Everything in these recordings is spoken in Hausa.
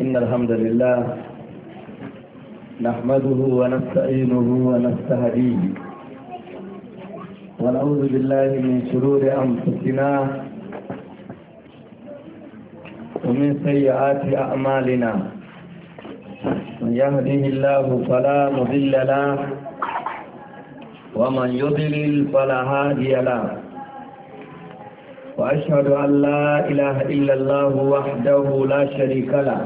إن الحمد لله نحمده ونستعينه ونستهديه ونعوذ بالله من شرور أنفسنا ومن سيئات أعمالنا من يهده الله فلا مضل له ومن يضلل فلا هادي له وأشهد أن لا إله إلا الله وحده لا شريك له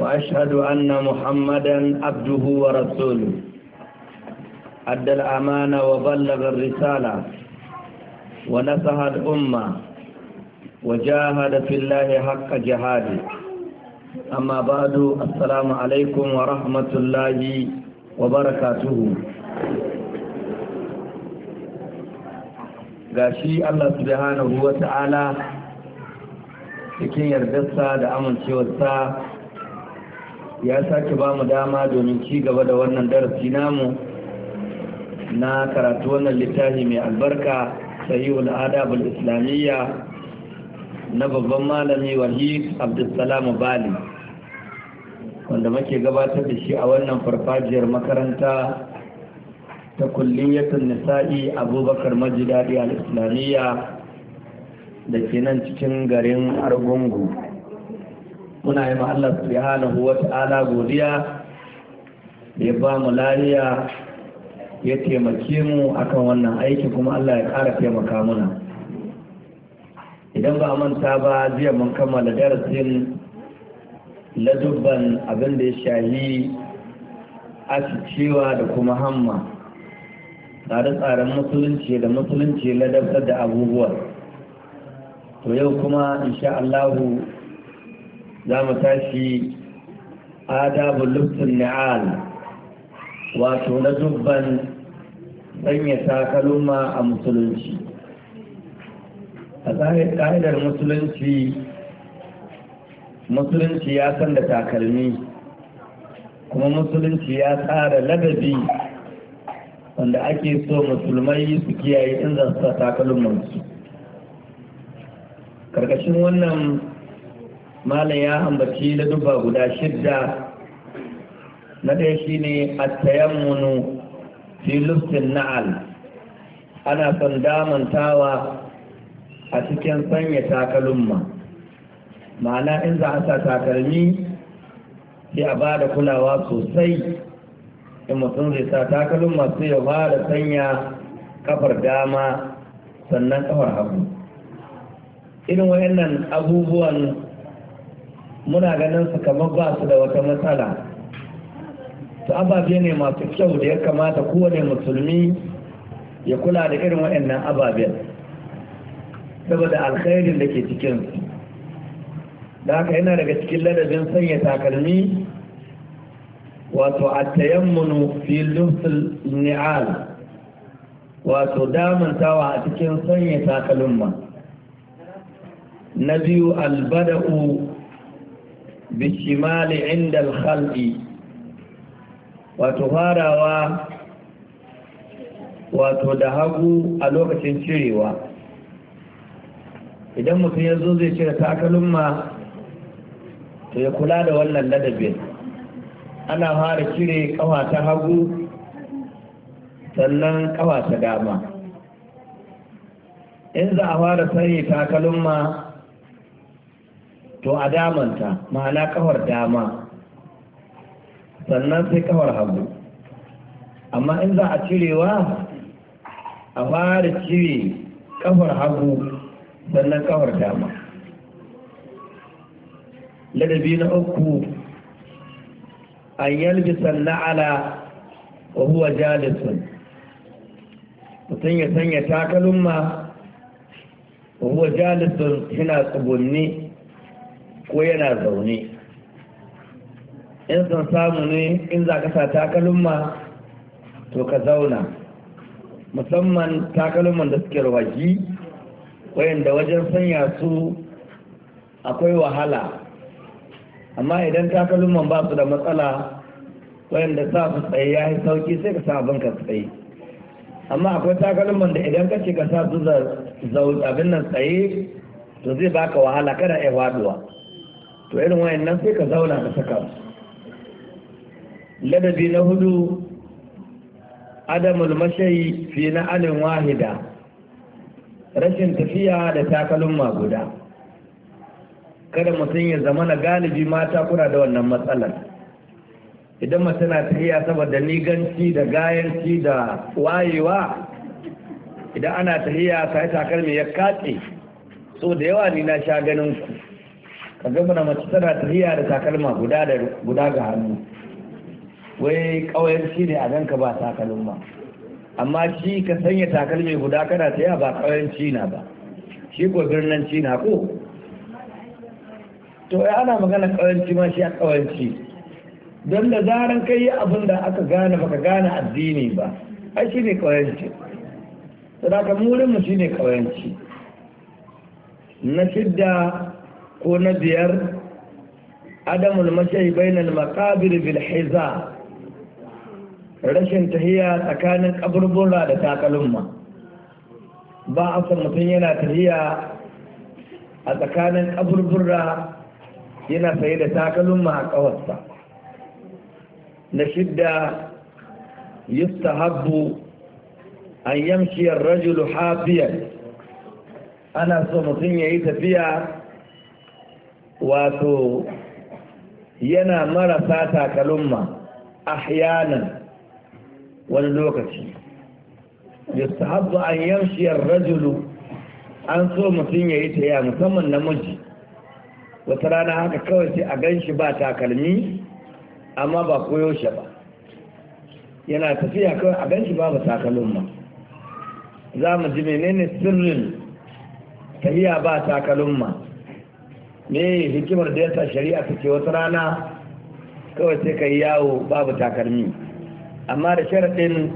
وأشهد أن محمدا عبده ورسوله أدى الأمانة وبلغ الرسالة ونصح الأمة وجاهد في الله حق جهاده أما بعد السلام عليكم ورحمة الله وبركاته ga shi Allah Su subhanahu wa ta'ala cikin yardarsa da amincewarsa ya sake ba mu dama domin ci gaba da wannan darasi namu na karatu wannan littafi mai albarka sahihul adabul islamiyya na babban malami wahid abdulsalam bali wanda muke gabatar da shi a wannan farfajiyar makaranta ta kulliyatun nisa'i abubakar majidadi al-islamiyya da ke nan cikin garin argungu muna yi Allah subhanahu wa ta'ala godiya ya ba mu lariya ya taimake mu akan wannan aiki kuma Allah ya ƙara taimaka muna idan ba manta ba jiya mun kammala darasin ladubban abin da ya shahi a cewa da kuma hamma tsare-tsaren musulunci da musulunci ladabtar da abubuwa to yau kuma insha Allahu za mu tashi adabu lubtun ni'al wato na dubban sanya kaluma a musulunci a ƙa'idar musulunci musulunci ya san da takalmi kuma musulunci ya tsara ladabi wanda ake so musulmai su kiyaye in za su sa karkashin wannan malam ya ambaci da duba guda shidda na ɗaya shine attayammunu fi filistin na'al ana son damantawa a cikin sanya takalumma ma'ana in za a sa takalmi sai a ba da kulawa sosai in mutum zai sa takalin masu ya fara sanya kafar dama sannan kafar hagu irin wayannan abubuwan muna ganin su kamar ba su da wata matsala su ababe ne masu kyau da ya kamata kowane musulmi ya kula da irin wayannan ababen saboda alkhairin da ke cikinsu da haka yana daga cikin ladabin sanya takalmi wato a tayammunu fi ni'al wato damantawa a cikin sanya takalumma na biyu albada'u bishimali inda alhalɗi wato farawa wato da hagu a lokacin cirewa idan mutum ya zo zai cire takalumma to ya kula da wannan ladabin ana fara cire kafa ta hagu sannan kafa ta dama in za a fara sanya takalma to a damanta ma'ana kafar dama sannan sai kafar hagu amma in za a cirewa a fara cire kafar hagu sannan kafar dama ladabi na uku an yalbisan na'ala wa huwa jalisun mutum ya sanya takalumma wa huwa jalisun yana tsugunni ko yana zaune in sun samu ne in za ka sa takalumma to ka zauna musamman takalumman da suke rawaki wayanda wajen sanya su akwai wahala amma idan takalman ba su da matsala wayanda sa su tsaye ya yi sauki sai ka sa abin ka tsaye amma akwai takalman da idan ka ce ka sa su abin nan tsaye to zai baka wahala kada ya waduwa to irin wayan nan sai ka zauna ka saka su ladabi na hudu adamul mashayi fi na alin wahida rashin tafiya da takalma guda kada mutum ya zama na galibi mata kuna da wannan matsalar idan mace na tafiya saboda niganci da gayanci da wayewa idan ana tafiya sai takalmi ya katse so da yawa ni na sha ganin ku ka gama na mace tana tafiya da takalma guda da guda ga hannu wai kawai shi ne a ganka ba takalin ba amma shi ka sanya takalmi guda kana tafiya ba kawai na ba shi ko birnin na ko to ya ana magana kawanci ma shi a kawanci don da zaran kai yi abin da aka gane baka gane addini ba ai shi ne kawanci sadaka murin mu shi ne kawanci na shidda ko na biyar adamul mashayi bainal maqabir bil hiza rashin tahiya tsakanin kaburbura da takalumma ba a san mutum yana tahiya a tsakanin kaburbura yana saye da takalin mahakawarsa na shidda yustahabbu an yamshi rajulu hafiyar. ana so mutum ya yi tafiya wato yana marasa a ahyanan wani lokaci yustahabbu an yamshi rajulu an so mutum ya yayi tafiya musamman namiji wata rana haka kawai sai a gan shi ba takalmi amma ba koyo shi ba yana tafiya kawai a gan shi ba ba takalmi ba za mu ji menene sirrin tafiya ba takalmi me hikimar da yasa shari'a ta ce wata rana kawai sai ka yi yawo babu takalmi amma da sharaɗin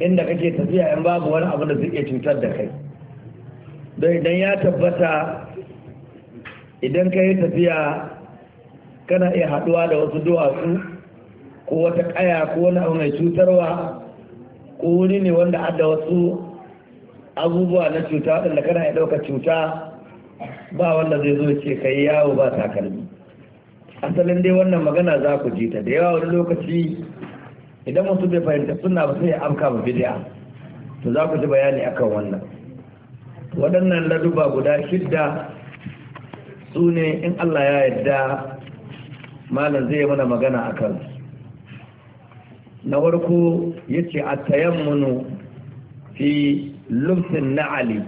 inda kake tafiya in babu wani abu da zai cutar da kai don idan ya tabbata idan ka yi tafiya kana iya haɗuwa da wasu duwatsu ko wata ƙaya ko wani abu mai cutarwa ko wuri ne wanda adda wasu abubuwa na cuta waɗanda kana iya ɗauka cuta ba wanda zai zo ce ka yawo ba takalmi asalin dai wannan magana za ku ji ta da yawa wani lokaci idan wasu bai fahimta suna ba sai ya amka ba bidiya to za ku ji bayani akan wannan waɗannan laduba guda shidda su ne in Allah ya yarda malam zai mana magana a kan na warku ya ce a tayammunu fi lumsin na'ali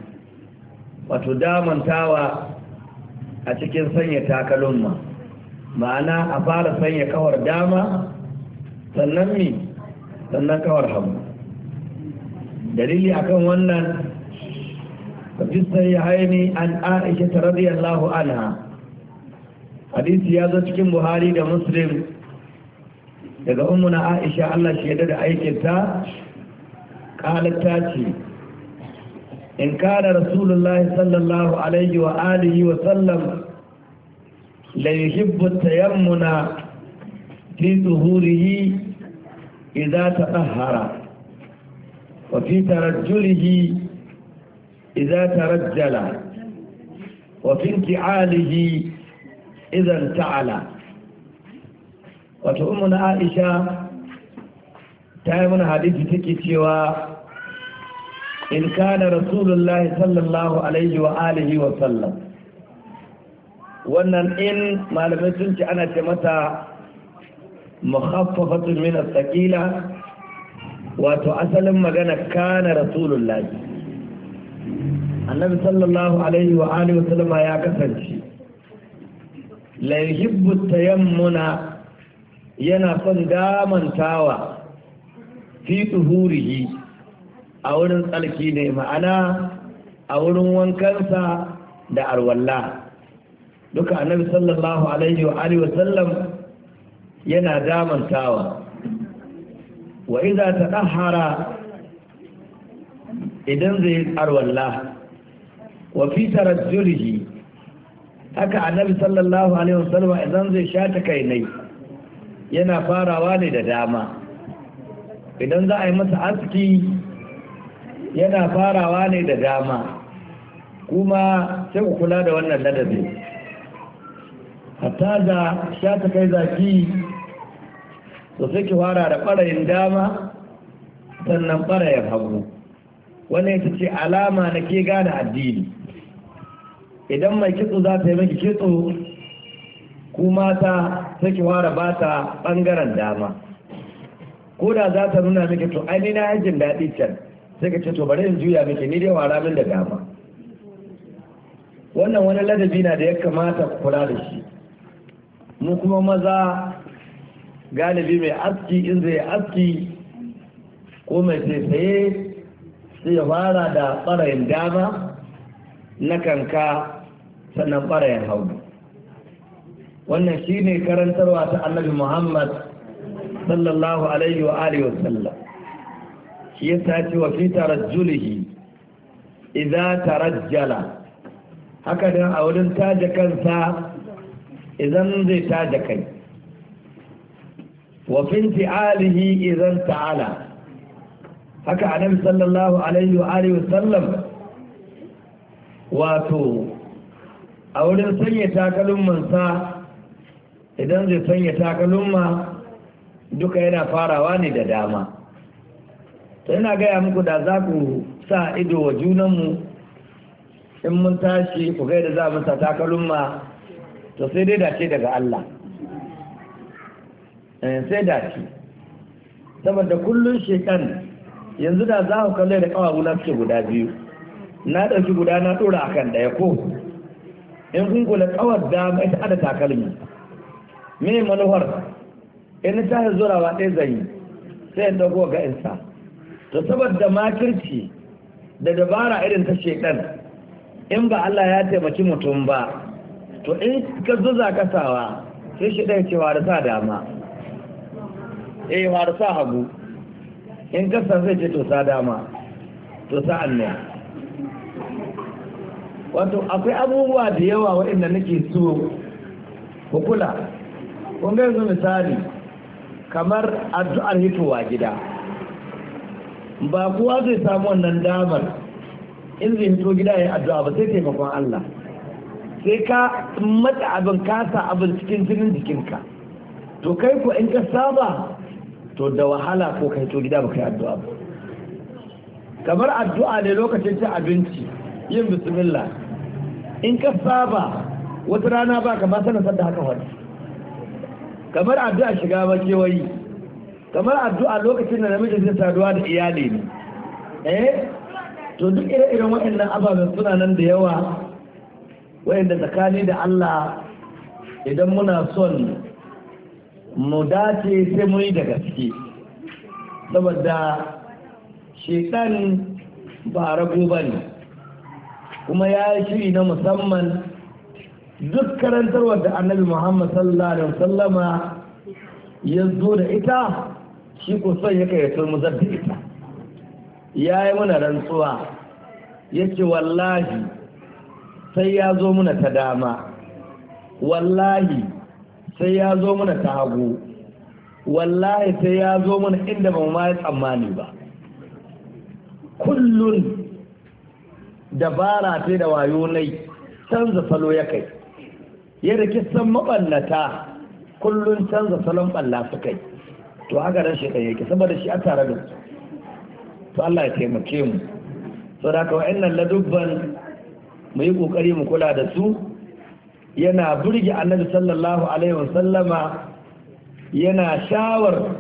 wato damantawa a cikin sanya takalumma ma'ana a fara sanya kawar dama sannan mi sannan kawar hamu dalili akan wannan في الصحيحين عن عائشة رضي الله عنها حديث يازت كم بخاري ده مسلم daga ummuna Aisha Allah shi yadda da aikinta qalat ta ce in kana rasulullahi sallallahu alaihi wa alihi wa sallam la yuhibbu tayammuna fi zuhurihi idza tatahhara wa fi tarajjulihi إذا ترجل وفي انتعاله إذا انتعل وتؤمنا mana تايمنا حديث تكتوى إن كان رسول الله صلى الله عليه وآله وسلم wannan in malamai sun ci ana ce mata mukhaffafatun min as wato asalin magana kana rasulullahi annabi sallallahu alaihi wa alihi wasallam ya kasance la yuhibbu tayammuna yana son damantawa fi tuhurihi a wurin tsarki ne ma'ana a wurin wankansa da arwalla duka annabi sallallahu alaihi wa alihi wasallam yana damantawa wa idza tadahhara idan zai yi arwalla wa fi tarajjulihi haka annabi sallallahu alaihi wasallam idan zai shata kai nai yana farawa ne da dama idan za a yi masa aski yana farawa ne da dama kuma sai ku kula da wannan ladabi hatta da shata kai zaki to sai ki fara da ɓarayin dama sannan ɓarayin hagu wannan ita ce alama na ke gane addini idan mai kitso za ta yi maki kitso ku mata take ware ba ta ɓangaren dama ko da za ta nuna miki to ai na hajjin daɗi can sai ka ce to bari in juya miki ni dai wara min da dama wannan wani ladabi na da ya kamata kula da shi mu kuma maza galibi mai aski in zai aski ko mai sai sai ya fara da ɓarayin dama na kanka sannan ɓarayin hagu wannan shi ne karantarwa ta annabi muhammad sallallahu alaihi wa alihi shi ya sace wa fi tarajjulihi idza tarajjala haka dan a wurin taje kansa idan zai taje kai wa fi alihi idan ta'ala haka nabi sallallahu alaihi wa alihi wasallam wato a wurin sanya sa idan zai sanya takalumma duka yana farawa ne da dama to yana gaya muku da za ku sa ido wa junanmu in mun tashi ku gaida za mu sa takalumma to sai dai dace daga Allah eh, sai dace saboda kullun shekan yanzu da za ku kalle da na suke guda biyu na ɗauki guda na ɗora a kan ɗaya ko in kun kula kawar dama ita ada takalmi me manuwar in ta zurawa ɗaya zai sai in ɗauko ga insa to saboda makirci da dabara irin ta shekan in ba Allah ya taimaki mutum ba to in ka zuza kasawa sai shi ɗaya ce warisa dama eh warisa hagu in kasan zai ce tosa dama tosa wato akwai abubuwa da yawa waɗanda nake so ku kula kun misali kamar addu'ar hitowa gida ba kowa zai samu wannan damar in zai hito gida ya addu'a ba sai taimakon Allah sai ka mata abin kasa abin cikin jinin jikinka to kai ko in ka saba to da wahala ko kai to gida baka yi addu'a ba kamar addu'a ne lokacin cin abinci yin bismillah in ka saba wata rana ba ka ba sanin da haka wani kamar addu'a shiga ba kewayi kamar addu'a lokacin da namiji zai saduwa da iyali ne eh to duk ire-iren waɗannan ababen suna nan da yawa waɗanda tsakani da Allah idan muna son mu dace sai mu yi da gaske saboda shekan ba rago ba ne kuma ya yi shiri na musamman duk karantarwar da annabi muhammad sallallahu alaihi wasallama ya zo da ita shi ko son ya kai mu da ita ya yi mana rantsuwa ya ce wallahi sai ya zo muna ta dama wallahi sai ya zo mana ta hagu wallahi sai ya zo mana inda ba ma ya tsammani ba kullun dabara ta da wayo nai canza salo ya kai ya kisan maballata kullun canza salon balla su kai to haka ran shi yake saboda shi a tare da su to Allah ya taimake mu saboda haka wa'annan ladubban mu yi kokari mu kula da su yana burge annabi sallallahu alaihi wasallama yana shawar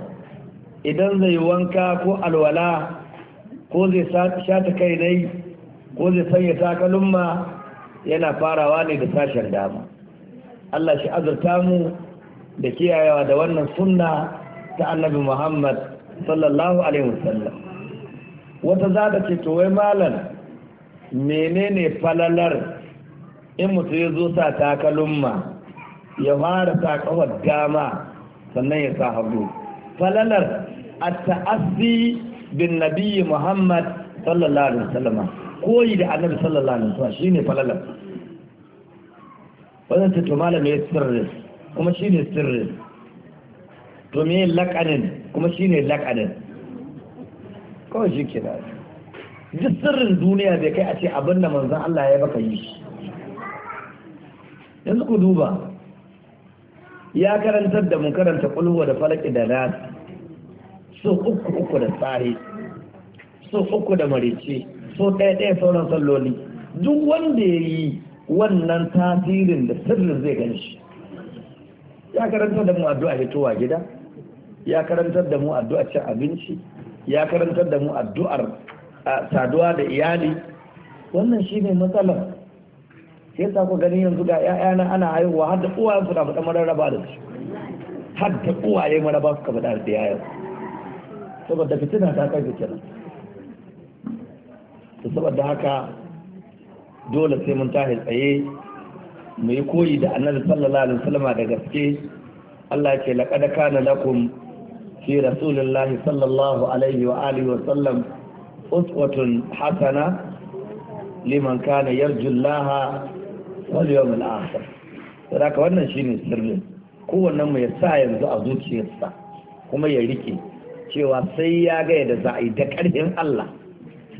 idan zai wanka ko alwala ko zai shata kai dai ko zai sanya takalumma yana farawa ne da sashen dama Allah shi azurta mu da kiyayewa da wannan sunna ta annabi Muhammad sallallahu alaihi wasallam wata za ta ce to wai malam menene falalar in mutum ya zo sa takalumma ya fara sa kawar dama sannan ya sa hagu falalar a taassi bin nabiyyi muhammad sallallahu alaihi wasallam koyi da annabi sallallahu alaihi wasallam shine falalar wannan ta to malami ya sirri kuma shine sirri to me lakanin kuma shine lakanin kawai shi ke da duk sirrin duniya bai kai a ce abin da manzon Allah ya baka yi shi yanzu ku duba ya karantar da mu karanta kulwa da falaki da nas so uku uku da tsari so uku da marice so ɗaya ɗaya sauran salloli duk wanda ya yi wannan tasirin da sirrin zai gani shi ya karantar da mu addu'a fitowa gida ya karantar da mu addu'a cin abinci ya karantar da mu addu'ar saduwa da iyali wannan shi ne matsalar sai sa ku gani yanzu ga ƴaƴana ana haihuwa har da uwayen suna faɗa mararraba da su har da uwaye su suka faɗa da yayan saboda fitina ta kai fitina to saboda haka dole sai mun tahi tsaye mu yi koyi da annabi sallallahu alaihi wasallam da gaske Allah ce laqad kana lakum fi rasulillahi sallallahu alaihi wa alihi wa sallam uswatun hasana liman kana Yarjullaha. wal yawmil akhir to haka wannan shine sirrin kowannen mu ya sa yanzu a zuciyarsa kuma ya rike cewa sai ya ga yadda za a yi da ƙarfin Allah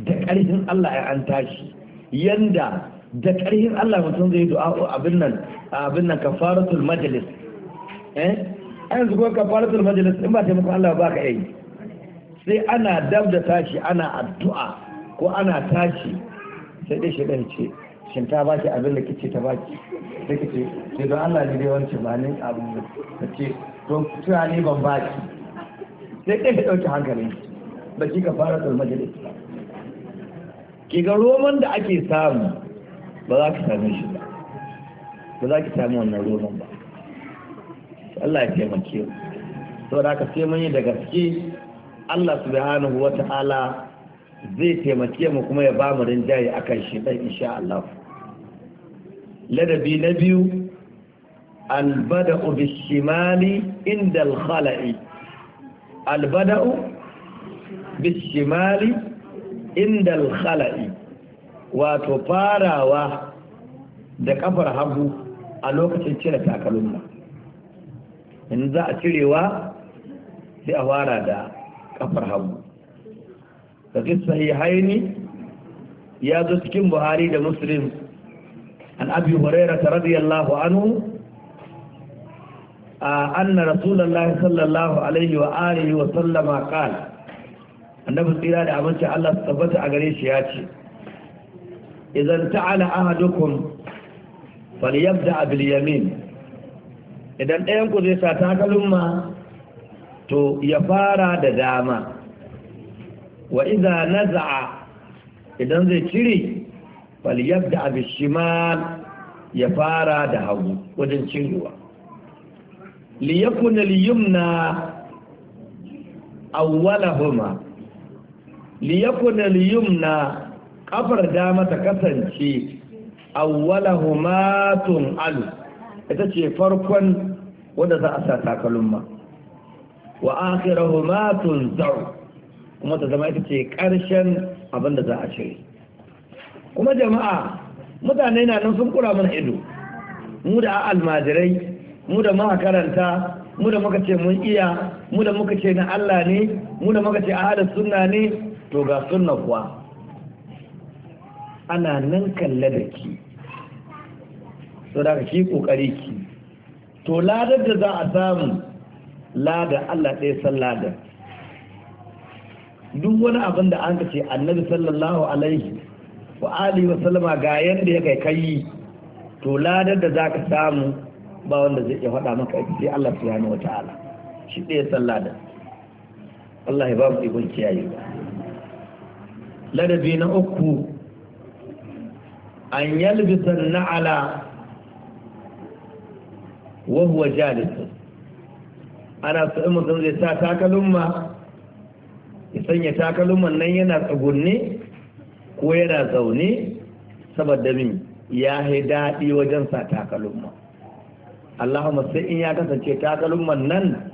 da ƙarfin Allah ya an tashi yanda da ƙarfin Allah mutum zai du'a abin nan abin nan kafaratul majlis eh an zuwa kafaratul majalis in ba muku Allah ba ka yi sai ana dab da tashi ana addu'a ko ana tashi sai dai shi ce shin ta baki abin da kice ta baki da kice sai don Allah ne dai wancan ba ni abu da ce don tuna ne ban baki sai kai ka dauki hankalin ba ki ka fara tsalma da ki ga roman da ake samu ba za ka samu shi ba ba za ki samu wannan roman ba Allah ya taimake mu saboda haka sai mun yi da gaske Allah subhanahu wata'ala zai taimake mu kuma ya ba mu rinjaye akan shi dan insha Allah ladabi na biyu albada'u bishimali inda albada'u bishimali inda wato farawa da kafar hagu a lokacin cire takalma in za a cirewa sai a fara da kafar hagu da fi sahihaini ya zo cikin buhari da muslim عن أبي هريرة رضي الله عنه أن رسول الله صلى الله عليه وآله وسلم قال النبي صلى الله عليه وسلم الله ثبت أغريش ياتي إذا انتعل أحدكم فليبدأ باليمين إذا أنكم ذي ساتاكلوا ما to ya fara da dama wa iza naza'a idan zai cire falyabda da shimal ya fara da hagu wajen cin ruwa liyakun al-yumna awwalahuma liyakun al-yumna kafar dama ta kasance awwalahuma tun al ita ce farkon wanda za a sa takalumma wa akhirahuma tun zau kuma ta zama ita ce karshen abinda za a cire kuma jama'a mutane na nan sun kura mana ido mu da almajirai mu da muka karanta mu da muka ce mun iya mu da muka ce na Allah ne mu da muka ce ahalus sunna ne to ga sunna kuwa ana nan kalle da ki to da ki kokari ki to ladar da za a samu lada Allah ɗaya san ladar duk wani abin da an ce annabi sallallahu alaihi wa alihi wa sallama ga yanda ya kai kai to ladar da zaka samu ba wanda zai iya faɗa maka sai Allah subhanahu wa ta'ala shi ɗaya san ladar. Allah ya ba mu ikon kiyaye ladabi na uku an yalbisa na'ala wa huwa jalis ana so in mutum zai sa takalumma ya sanya takalumman nan yana tsugunne ko yana zaune saboda min ya yi daɗi wajen sa takalumma Allahumma sai in ya kasance takalumman nan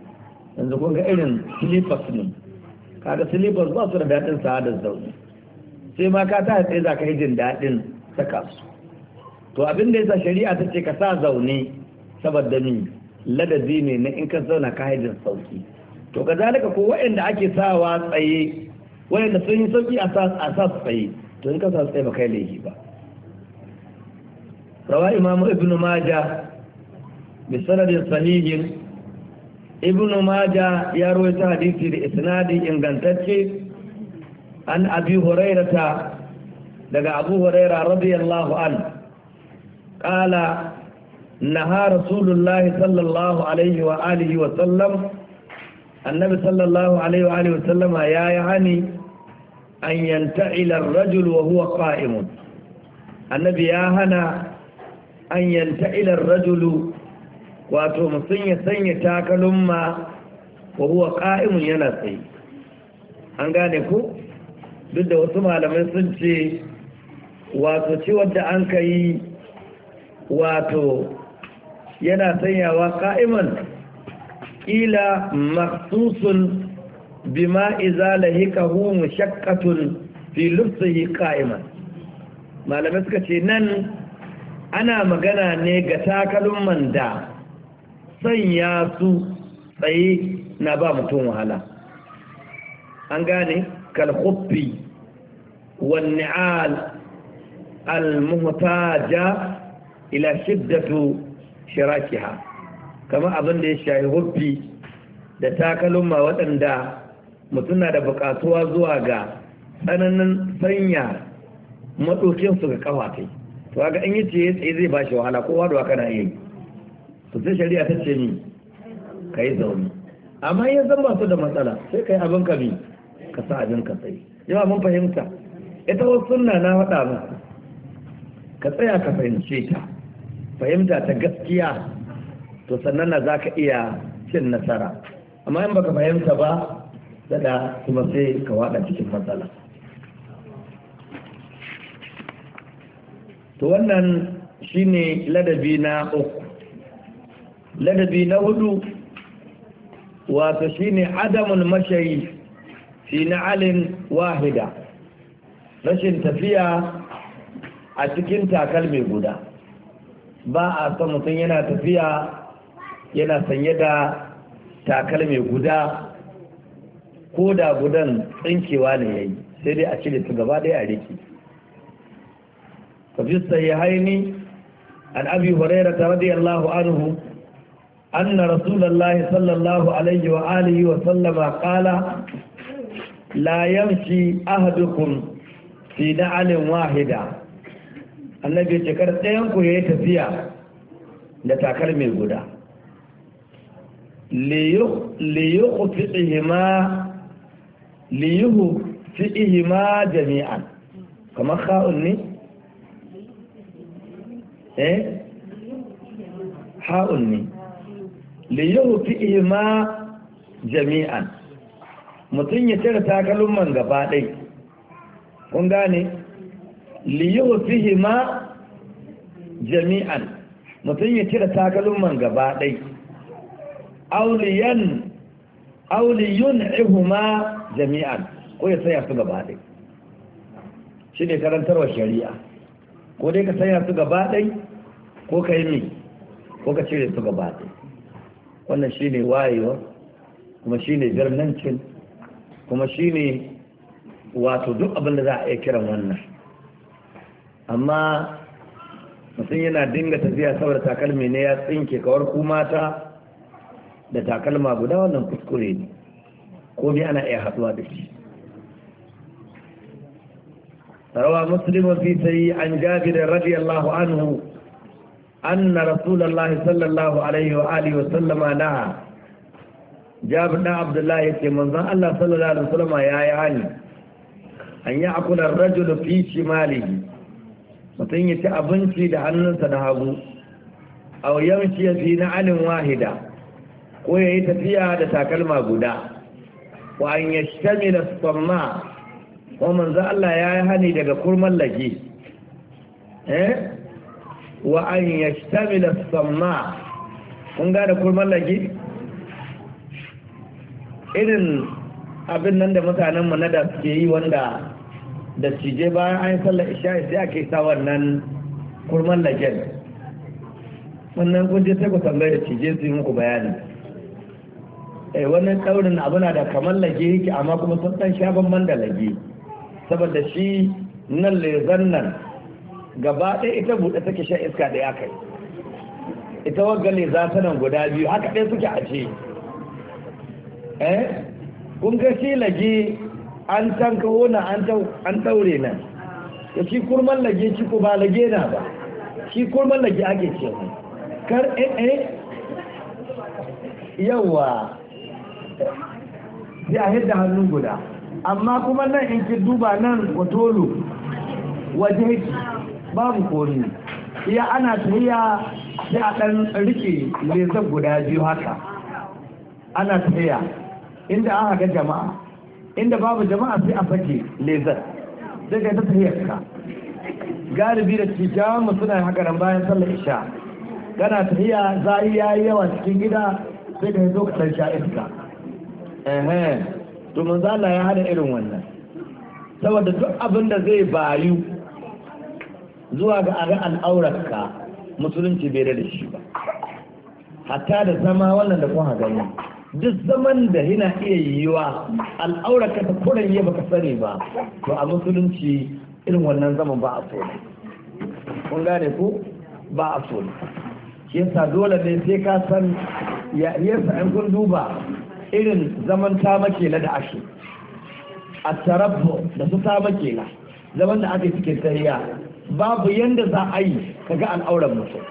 yanzu kun ga irin slippers ne kaga slippers ba su da daɗin sa da zaune sai ma ka ta tsaye za ka yi jin daɗin saka su to abin da yasa shari'a ta ce ka sa zaune saboda min ladabi ne na in ka zauna ka yi jin sauki to kazalika ko waɗanda ake sawa tsaye waɗanda sun yi sauki a sa tsaye to in ka sa tsaye ba laifi ba rawa imamu ibnu maja bi sanadin sahihin ibnu maja ya rawaita hadisi da isnadi ingantacce an abi hurairata daga abu huraira radiyallahu an qala naha rasulullahi sallallahu alaihi wa alihi wa sallam annabi sallallahu alaihi wa alihi wa sallama yayi hani an yanta ilar rajul wa huwa ƙa’imun annabi ya hana an yanta ilar rajul wato mutum ya sanya ma wa huwa ƙa’imun yana tsaye an gane ku duk da wasu malamai sun ce wato ci wadda an ka yi wato yana sanyawa ƙa’iman ƙila maksusun bima iza lahikahu mushaqqatun fi lufsihi qa'iman malamai suka ce nan ana magana ne ga takalman da sanya su tsaye na ba mutum wahala an gane kalhuffi والنعال المحتاجة إلى شدة شراكها كما shirakiha, kama abin da takalma waɗanda mutum na da bukatuwa zuwa ga tsananin sanya matsokin su ga kafa kai to ga in yi ciye tsaye zai bashi wahala kowa da kana iya yi to sai shari'a ta ce ni ka yi zaune amma yin zan ba su da matsala sai ka yi abin ka bi ka sa abin ka tsaye yawa mun fahimta ita wasu sunna na faɗa musu ka tsaya ka fahimce ta fahimta ta gaskiya to sannan na za ka iya cin nasara amma in baka fahimta ba dada kuma sai ka wada cikin matsala to wannan shine ladabi na uku ladabi na hudu wato shine adamul mashayi fi na'alin wahida rashin tafiya a cikin takalmi guda ba a san mutum yana tafiya yana sanye da takalmi guda ko da gudan tsinkewa ne ya yi sai dai a cire su gaba ɗaya a riki ka fi ya haini an abi huraira ta radiyallahu anhu anna rasulallahi sallallahu alaihi wa alihi wa sallama kala la yamshi ahadukum fi da'alin wahida annabi ce kar ɗayan ku yayi tafiya da takar mai guda liyu liyu ma liyuhu ihima jami'an kamar ha'un ne eh ha'un ne liyuhu ihima jami'an mutum ya cire man gaba ɗai kun gane liyuhu ihima jami'an mutum ya cire man gaba ɗai auliyan auliyun jami'an jami'an ko ya sanya su gaba ɗai shi ne karantarwa shari'a ko dai ka sanya su gaba ɗai ko ka yi ne ko ka cire su gaba ɗai wannan shi ne wayewa kuma shi ne birnancin kuma shi ne wato duk abin da za a iya kiran wannan amma mutum yana dinga tafiya saboda takalmi ne ya tsinke kawar ku mata da takalma guda wannan kuskure ne ko bi ana iya haduwa da shi rawa muslim fi sayi an jabir radiyallahu anhu anna rasulullahi sallallahu alaihi wa alihi wa sallama naha jabir da abdullahi yace manzon Allah sallallahu alaihi wa sallama yayi hani an ya'kula ar rajul fi shimalihi mutum ya ci abinci da hannunsa na hagu aw yamshi fi na'alin wahida ko yayi tafiya da takalma guda wa an na samma wa manzo Allah ya yi hani daga kurman lage eh wa an na samma kun da kurman lage irin abin nan da mutanen mu na da suke yi wanda da cije bayan an yi sallar isha sai a kai sa wannan kurman lagen wannan kun je sai ku tambaye da cije su yi muku bayani eh wannan daurin abu na da kamar lage yake amma kuma sun san shaban man da lage saboda shi nan lezan nan gaba ɗaya ita buɗe take shan iska ɗaya kai ita wagga za ta nan guda biyu haka ɗaya suke a ce eh kun ga shi lage an tankawo na an taure nan ya shi kurman lage ci ko ba lage na ba shi kurman lage ake ce kar eh eh yawa sai a hidda hannun guda amma kuma nan in ki duba nan watolo waje babu komi iya ana tahiya sai a ɗan rike lezan guda biyu haka ana tahiya inda an ga jama'a inda babu jama'a sai a fake lezar daga ta ka. galibi da tijawan suna haka bayan sallar isha kana tahiya zai yayi yawa cikin gida sai ka zo ka dan sha iska ehe to za Allah ya hada irin wannan saboda duk abin da zai bayu zuwa ga aga al'aurarka musulunci bai da shi ba hatta da zama wannan da kuma gani duk zaman da yana iya yiwa al'aurarka ta kuren yi baka sani ba to a musulunci irin wannan zaman ba a so kun gane ko ba a so shi yasa dole ne sai ka san ya yasa an kun duba irin zaman ta na da ashe a tarabbo da su ta na zaman da ake cikin tariya babu yadda za a yi kaga al'auran mutum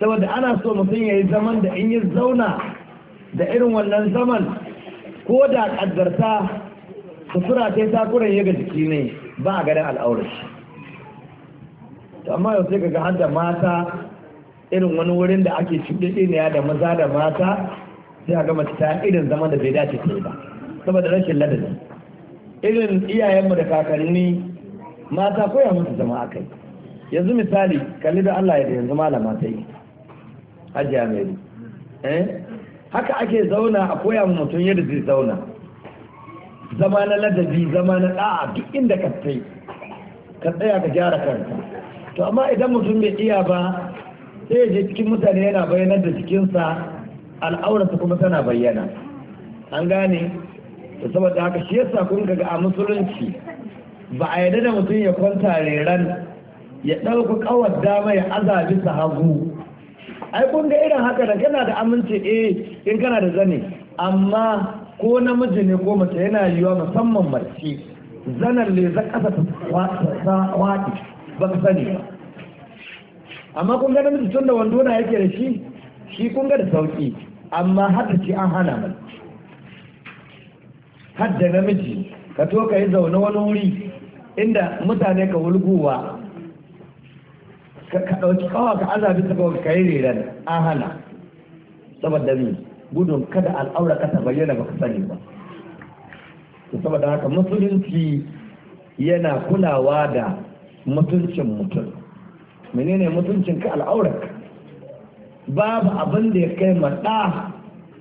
saboda ana so mutum ya yi zaman da in yi zauna da irin wannan zaman ko da ƙaddarta sutura ta yi takuran yaga jiki ne ba a ganin al'aurar shi amma yau sai ga har mata irin wani wurin da ake shuɗe ne da maza da mata sai a gama ta irin zaman da bai dace ta ba saboda rashin ladabi irin iyayenmu da kakanni mata koya musu zama akai yanzu misali kalli da Allah ya da yanzu malama ta yi hajiya mai eh haka ake zauna a koya mu mutum yadda zai zauna zama na ladabi zama na da'a duk inda ka tsaye ka tsaya ka gyara kanka to amma idan mutum bai iya ba sai ya je cikin mutane yana bayyana da jikinsa al'aurarsa kuma tana bayyana an gane da saboda haka shi yasa kun ga a musulunci ba a yadda da mutum ya kwanta reran ya ɗauka ƙawar dama ya azabi sa hagu ai kun ga irin haka da kana da aminci eh in kana da zane amma ko namiji ne ko mace yana yiwa musamman mace zanar ne za ƙasa ta waɗi ba ka sani ba amma kun ga namiji tun da wando na yake da shi shi kun ga da sauƙi amma haka ce an hana mai hadda namiji ka to ka yi zaune wani wuri inda mutane ka wulguwa ka ɗauki kawa ka azabi ta kawai ka yi reran an hana saboda mi gudun kada al'aura ka ta bayyana ba ka sani ba saboda haka musulunci yana kulawa da mutuncin mutum menene mutuncin ka al'aurarka babu abin da ya kai ma ɗa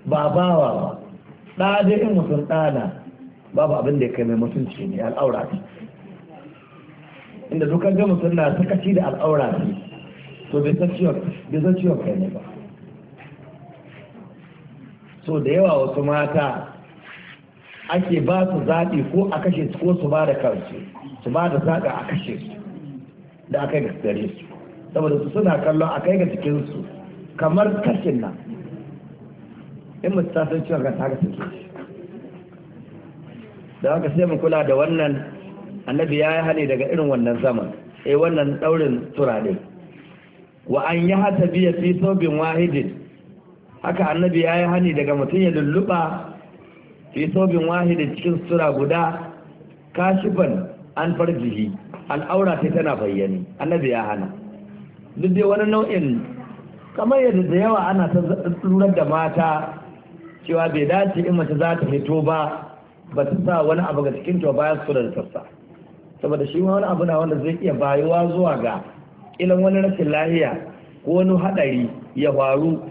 ba bawa ba ɗa dai in mutum ɗana babu abin da ya kai mai mutunci ne al'aura ce inda dukkan ga mutum na sakaci da al'aura ce to bai san ciwon kai ne ba so da yawa wasu mata ake ba su zaɓi ko a kashe su ko su ba da kansu su ba da saƙa a kashe su da aka yi gare su saboda su suna kallon a kai ga cikinsu kamar kashin nan in mu ta san ga ta ga suke da haka sai mu kula da wannan annabi ya yi hane daga irin wannan zaman eh wannan daurin turare wa an yi hata biya fi sobin wahidin haka annabi ya yi hani daga mutum ya lulluɓa fi sobin wahidin cikin sutura guda kashifan an farjihi al'aura ta tana bayyane annabi ya hana duk dai wani nau'in kamar yadda da yawa ana ta tsurar da mata cewa bai dace in mace za ta fito ba ba ta sa wani abu ga cikin ta bayan su da tafsa saboda shi ma wani abu na wanda zai iya bayuwa zuwa ga ilan wani rashin lahiya ko wani hadari ya faru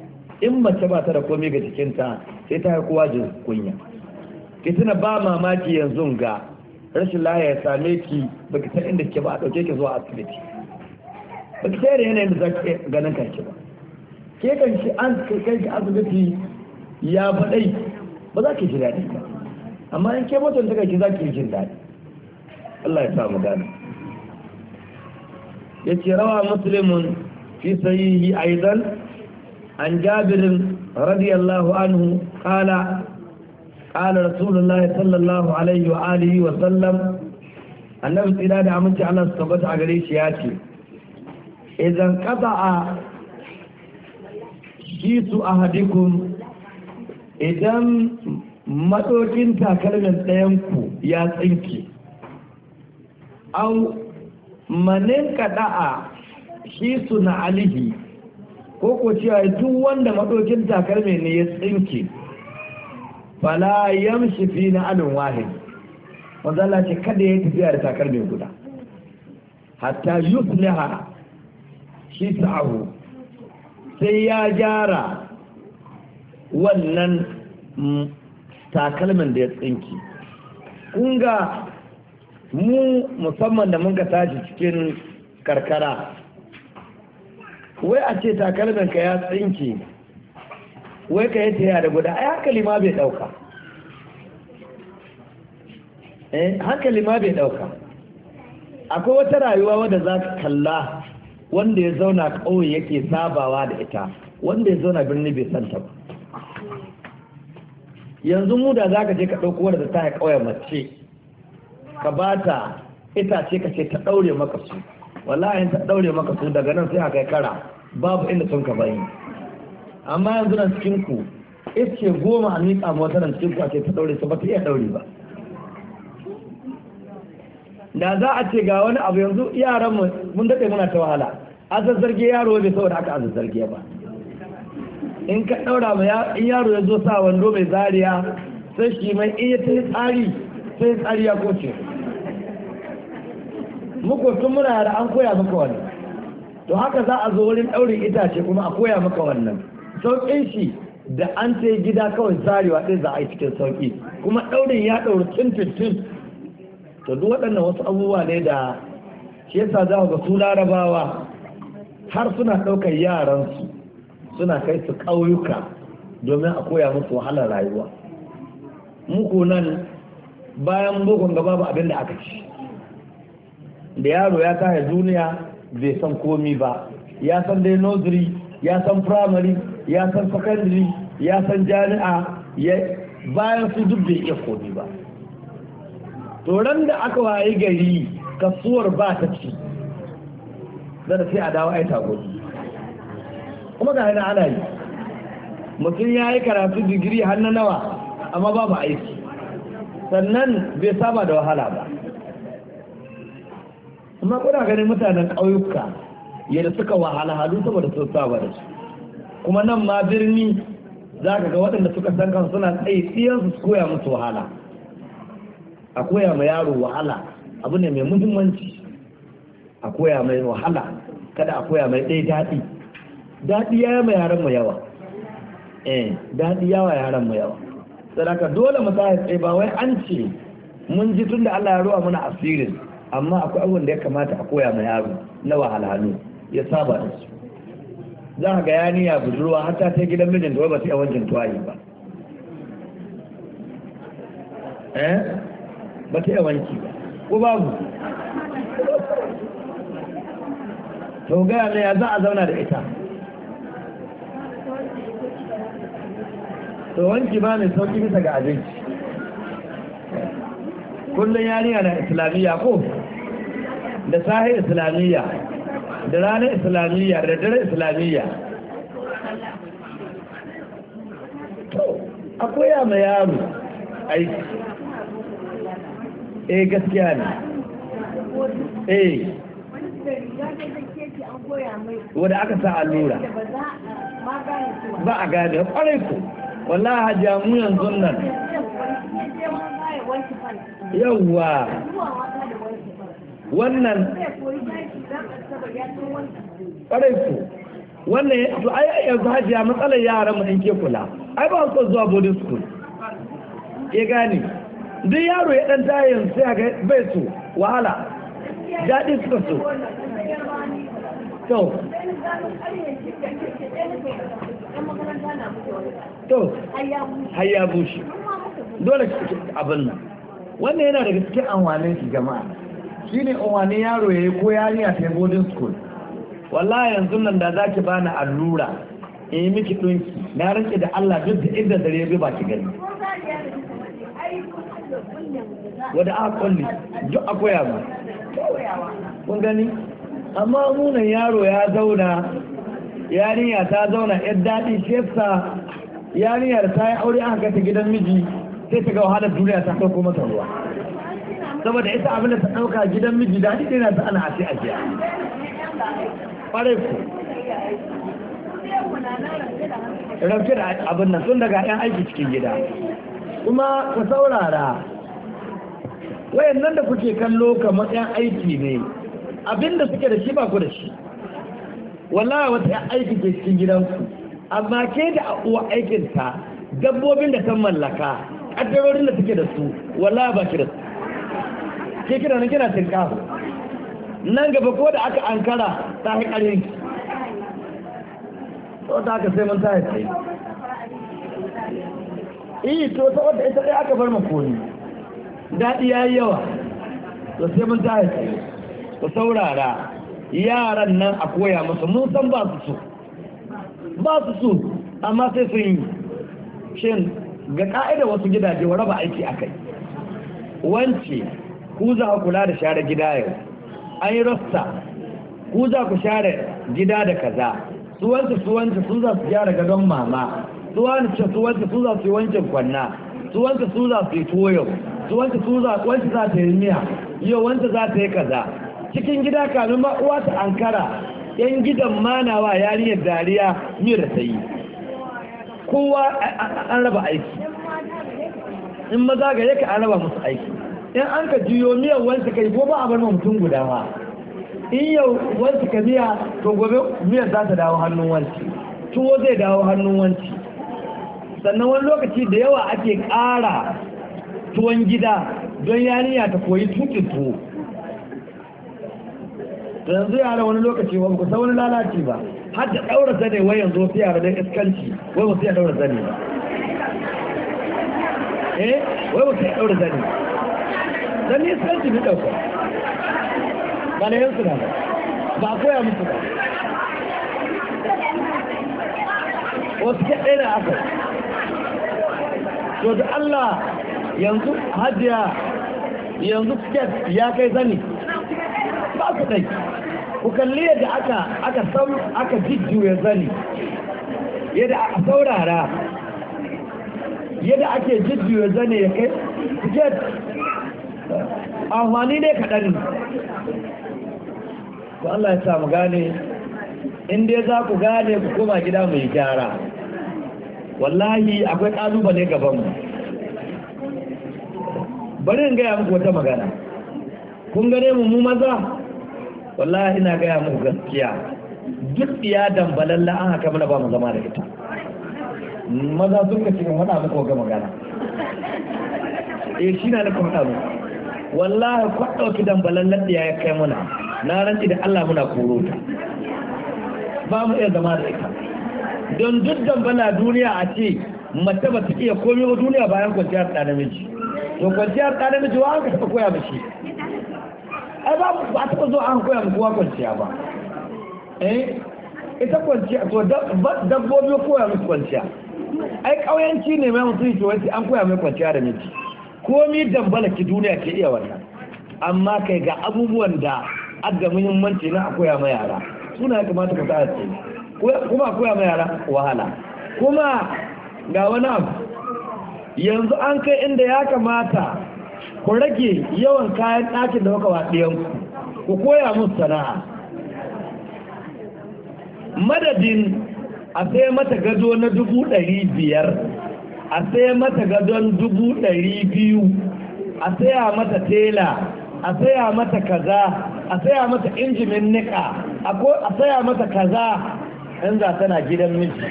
in mace ba ta da komai ga ta sai ta kowa jin kunya ki tuna ba mamaki yanzu ga rashin lahiya ya same ki baki san inda ke ba a dauke ki zuwa asibiti baki sai da yanayin da za ki ganin kanki ba ke kan shi an kai shi asibiti ya faɗai ba za ki ji daɗi ba amma in ke mutum daga ki za ki jin daɗi Allah ya samu daɗi. ya ce rawa musulmin fi sahihi aidan an jabirin radiyallahu anhu kala kala rasulullah sallallahu alaihi wa alihi wa sallam annabi tsira da aminci Allah su tabbata a gare shi ya ce idan a jisu hadikun idan matsokin takalmin ɗayanku ya tsinke an manin kaɗa'a shi su na alihi ko ko cewa duk wanda matsokin takalmi ne ya tsinke fala yamshi fi na alin wahin wanda Allah ce kada ya tafiya da takalmin guda hatta yusliha shi ahu. sai ya gyara wannan takalmin da ya tsinki kunga mu musamman da mun ka tashi cikin karkara wai a ce takalmin ka ya tsinki wai ka yi ta da guda ai hankali ma bai dauka eh hankali ma bai dauka akwai wata rayuwa wadda za ka kalla wanda ya zauna ƙauye yake sabawa da ita wanda ya zauna birni bai santa ba yanzu mu da za ka je ka ɗauko wadda ta yi ƙauye mace ka ba ta ita ce ka ce ta ɗaure maka su wallahi ta ɗaure maka su daga nan sai a kai kara babu inda sun ka bayi amma yanzu nan cikinku ku ce goma a miƙa wata nan cikin ku a ce ta ɗaure su ba ta iya ɗaure ba da za a ce ga wani abu yanzu yaran mu mun daɗe muna ta wahala azazzarge yaro bai saboda haka azazzarge ba in ka ɗaura ma in yaro ya zo sa wando mai zariya sai shi mai in ya tafi tsari sai tsari ya koce muku tun muna yara an koya maka wani to haka za a zo wurin ɗaurin itace kuma a koya maka wannan sauƙin shi da an ce gida kawai zarewa ɗin za a yi cikin sauki. kuma ɗaurin ya ɗauri tun tun to duk waɗannan wasu abubuwa ne da shi yasa za ga su larabawa har suna ɗaukar yaransu suna kai su ƙauyuka domin a koya musu wahalar rayuwa muku nan bayan bugun gaba ba abin da aka ci da yaro ya kaya duniya bai san komi ba ya san dai nursery ya san primary ya san secondary ya san jami'a bayan su duk bai iya komi ba to da aka waye gari kasuwar ba ta ci da sai a dawo aita tago kuma ga hana ana yi mutum ya yi karatu digiri har nawa amma babu aiki sannan bai saba da wahala ba amma kuna ganin mutanen ƙauyuka yadda suka wahala halu saboda sun saba da su kuma nan ma birni za ka ga waɗanda suka san kan suna tsaye tsiyansu su koya musu wahala a koya ma yaro wahala abu ne mai muhimmanci a koya mai wahala kada a koya mai ɗaya daɗi daɗi ya yama yaran mu yawa eh daɗi yawa yaran mu yawa sadaka dole mu tsaya tsaye ba wai an ce mun ji tunda Allah ya ruwa mana asirin amma akwai abin da ya kamata a koya ma yaro na wahalhalu ya saba da su za ka ga yaniya budurwa har ta sai gidan mijinta wai ba sai a wajen tuwayi ba eh ba ta yawanci ba ko babu to gaya ne ya za a zauna da ita to wanki ba ne sauki bisa ga abinci kullum yariya na islamiyya ko da sahi islamiyya da ranar islamiyya da dare islamiyya to akwai ya mai yaro aiki eh gaskiya ne eh wanda aka sa allura ba a gane kwarai ku wallahi hajiya mu yanzu nan yawwa wannan kwarai ku wannan to ai yanzu hajiya matsalar yaran mu in ke kula ai ba su zuwa boarding school ke gane duk yaro ya dan tayin sai ga bai su wahala daɗi suka so to to hayya bushe dole abin nan wannan yana daga cikin anwanin shi jama'a shi ne anwanin yaro ya yi ko a ta boarding school walla yanzu nan da zaki bani allura in yi miki ɗinki na rinke da Allah duk da inda dare ya bi ba ki gani wadda aka kwalli duk a koya ba kun gani amma munan yaro ya zauna yarinya ta zauna yar daɗi shefsa yarinyar ta yi aure a ta gidan miji sai ta ga wahalar duniya ta ɗauko masa ruwa saboda ita abin da ta ɗauka gidan miji daɗi ɗin na ta ana a ajiya ƙwarai ku da abin nan sun daga 'yan aiki cikin gida kuma ku saurara Wayan nan da kuke kallo kamar matsayin aiki ne abinda suke da shi ba ku da shi Wala wata ya aiki ke cikin gidanku amma ke da uwa aikinta dabbobin da kan mallaka kaddarorin da suke da su wala ba ki da su ke kira nan kina tinka nan gaba ko da aka ankara ta yi ƙarin to ta aka sai mun ta yi tsaye iya to ta wadda ita ɗaya aka bar koyi. daɗi ya yi yawa da sai mun tashi ku saurara yaran nan a koya musu mun san ba su so ba su so amma sai sun yi shin ga ka'ida wasu gidaje wa raba aiki a kai wance ku za ku kula da share gida yau an yi rasta ku za ku share gida da kaza su wance su wance su za su gyara gadon mama su wance su wance su za su yi wancan kwanna zuwanka su za su yi tuwo yau zuwanka su za wanka za ta yi miya yau wanka za ta yi kaza cikin gida kamin ma uwa ta ankara yan gidan manawa yariyar dariya miyar ta yi kowa an raba aiki in maza ga yake an raba musu aiki in an ka juyo miyar wansa kai ko ba a bar mutum guda ma in yau wanka ka miya to gobe miyar za ta dawo hannun wanki tuwo zai dawo hannun wanki sannan wani lokaci da yawa ake ƙara tuwon gida don yarinya ta koyi tukin tuwo yanzu yara wani lokaci ba kusa wani lalaci ba har da ɗaura zane wai yanzu wasu yara don iskanci wai wasu ya ɗaura zane ba eh wai wasu ya ɗaura zane don ni iskanci ne ɗauka ba na yansu na ba ba koya musu ba wasu ke ɗaya na aka to da Allah yanzu hajiya yanzu sket ya kai zani ba su ɗai ku kalli yadda aka aka sau aka ya zani yadda a saurara yadda ake ya zani ya kai sket amfani ne kaɗan ku Allah ya samu gane in dai za ku gane ku koma gida mai gyara wallahi akwai ƙalubale gabanmu bari in gaya muku wata magana kun gane mu mu maza wallahi ina gaya muku gaskiya duk ya dambalalla an haka mana ba mu zama da ita maza sun ka cikin wata muku ga magana eh shi na nufin wata muku wallahi kwaɗauki dambalalla ɗiya ya kai muna na ranci da Allah muna koro ta ba mu iya zama da ita don duk dambana duniya a ce mace ba ta iya komi ba duniya bayan kwanciyar ɗa namiji to kwanciyar ɗa namiji wa an ka taɓa koya mashi ai ba ba taɓa zo an koya kowa kwanciya ba eh ita kwanciya to dabbobi koya musu kwanciya ai ƙauyanci ne mai mutum ke wai an koya mai kwanciya da miji komi dambala ki duniya ke iya wannan amma kai ga abubuwan da adda muhimmanci na a koya ma yara suna ya kamata ku tsaya tsaye kuma koya ma yara wahala kuma ga wani abu yanzu an kai inda ya kamata ku rage yawan kayan ɗakin da kuka waɗiyan ku koya musu sana'a madadin a sai mata gado na dubu ɗari biyar a sai mata gadon dubu ɗari biyu a saya mata tela a saya mata kaza a saya mata injimin niƙa a saya mata kaza in tana gidan miji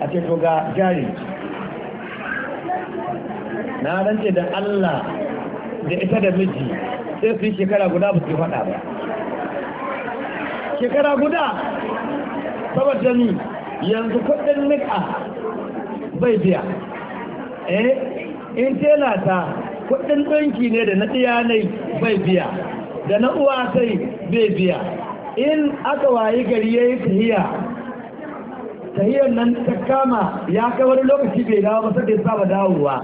a ce to ga jari na rance da Allah da ita da miji sai fi yi shekara guda ba su faɗa ba shekara guda saboda ni yanzu kudin nika bai biya eh in tela ta kudin banki ne da na ɗiyanai bai biya da na uwa sai bai biya in aka wayi gari ya yi tahiya tahiyar nan ta kama ya kai wani lokaci bai dawo masa da ya saba dawowa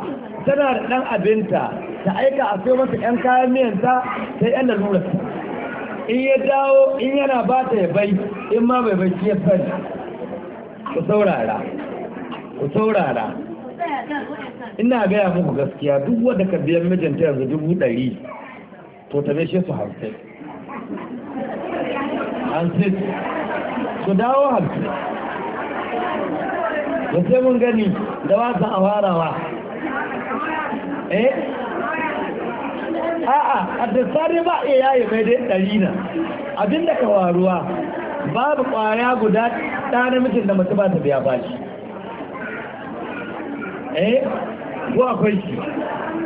tana da dan abinta ta aika a sai masa yan kayan miyanta sai yan lalura in ya dawo in yana ba ta ya bai in ma bai bai ya fari ku saurara ku saurara ina gaya muku gaskiya duk wanda ka biyan mijinta yanzu dubu ɗari to ta shi su hamsin hamsin su dawo hamsin da sai mun gani da su a farawa eh a'a a da ba iya yayi mai dai ɗari na abinda ka waruwa babu ƙwaya guda ɗa namijin da mutu ba ta biya shi eh ko akwai shi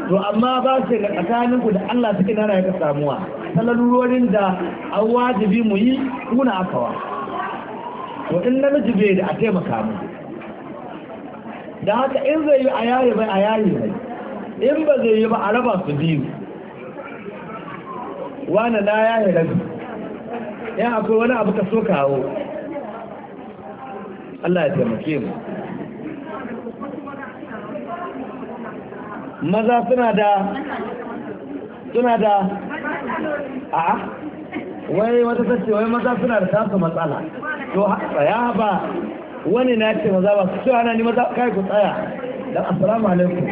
to amma ba su da tsakanin ku da Allah suke nana ya samuwa ta lalurorin da an wajibi mu yi kuna akawa to in namiji bai da a taimaka mu da haka in zai yi a yayi bai a yayi bai in ba zai yi ba a raba su biyu wane na yayi rabi ya akwai wani abu ka so kawo Allah ya taimake mu maza suna da suna da a wai wata tace wai maza suna da tasu matsala to tsaya ba wani na ce maza ba su ce ana ni maza kai ku tsaya dan assalamu alaikum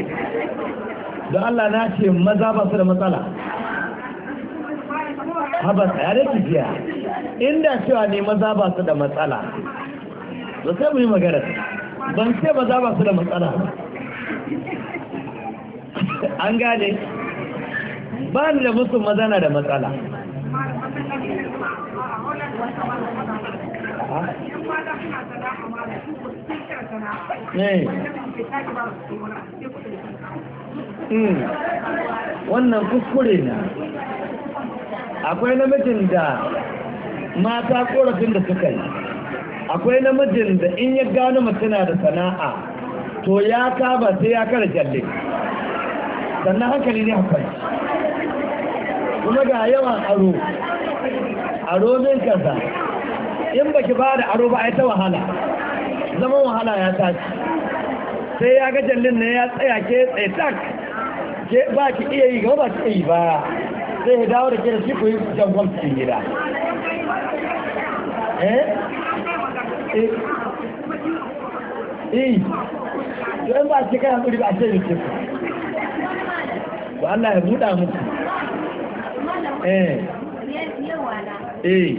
don Allah na ce maza ba su da matsala haba tsaya da tafiya inda cewa ne maza ba su da matsala ba sai mu yi magana ban ce maza ba su da matsala an gane ba ni da musu maza na da matsala Hmm. wannan kuskure na akwai namijin da mata korafin da suka yi akwai namijin da in ya gano mutuna da sana'a to ya kaba sai ya kara jalle. sannan hankali ne hankali kuma ga yawan aro aro min kaza in ba ki ba aro ba ai ta wahala zaman wahala ya tashi sai ya ga jallin ne ya tsaya ke tsaye tak ke ba ki iya yi gaba ba ki iya yi ba sai ya dawo da ke da shi ku yi jangon cikin gida eh eh eh to ba ki kai kuri ba sai ki ba Allah ya buɗa muku eh eh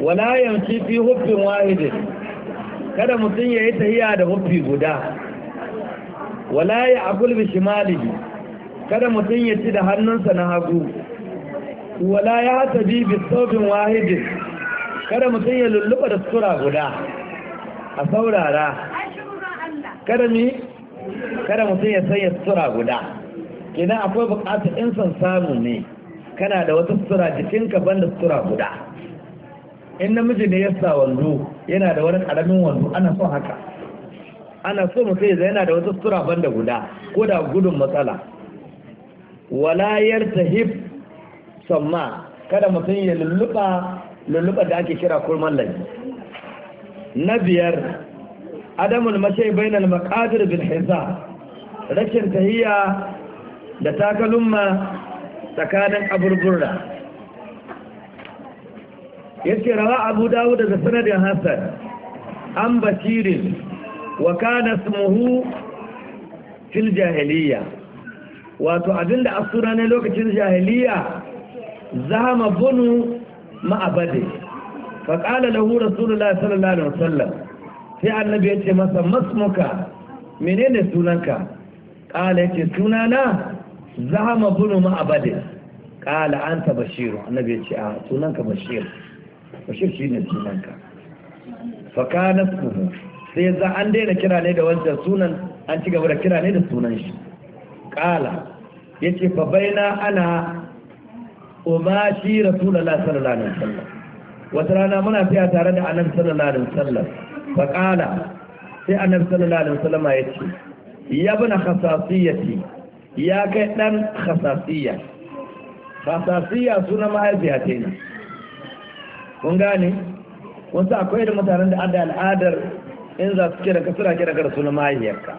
wala yanci fi hufin wahidin kada mutum ya yi tahiya da hufi guda wala ya akul bi shimalihi kada mutum ya ci da hannunsa na hagu wala ya hata bi bi sobin wahidin kada mutum ya lulluɓa da sura guda a saurara kada mi kada mutum ya sanya sura guda idan akwai bukatar in san samu ne kana da wata sura jikinka banda sura guda in namiji ne ya sa wando yana da wani karamin wando ana son haka ana so mutum ya yana da wata sutura da guda ko da gudun matsala walayar tahib samma kada mutum ya lulluɓa lulluɓa da ake kira kurman lagi na biyar adamul mace bainal maqadir bil hiza rashin tahiya da takalumma tsakanin aburburra yace rawa abu dawud da sanadin hasan an basirin wa kana ismuhu fil jahiliya wato abinda asura ne lokacin jahiliya zama bunu ma'abade fa qala lahu rasulullahi sallallahu alaihi wasallam sai annabi ya ce masa masmuka menene sunanka qala yace sunana zama bunu ma'abade qala anta bashiru annabi ya ce a sunanka bashiru bashir shi ne sunanka fakanas kuhu sai za an daina kira ne da wancan sunan an ci gaba da kira ne da sunan shi kala ya ce babaina ana umashi rasulallah sallallahu alaihi wasallam wata rana muna fiya tare da annabi sallallahu alaihi wasallam fa kala sai annabi sallallahu alaihi wasallam ya ce ya bana khasasiyati ya kai dan khasasiyya khasasiyya suna mahaifiya ta ne kun gane wasu akwai da mutanen da ada al'adar in za su kira ka suna kira ka rasulun mahaifiyarka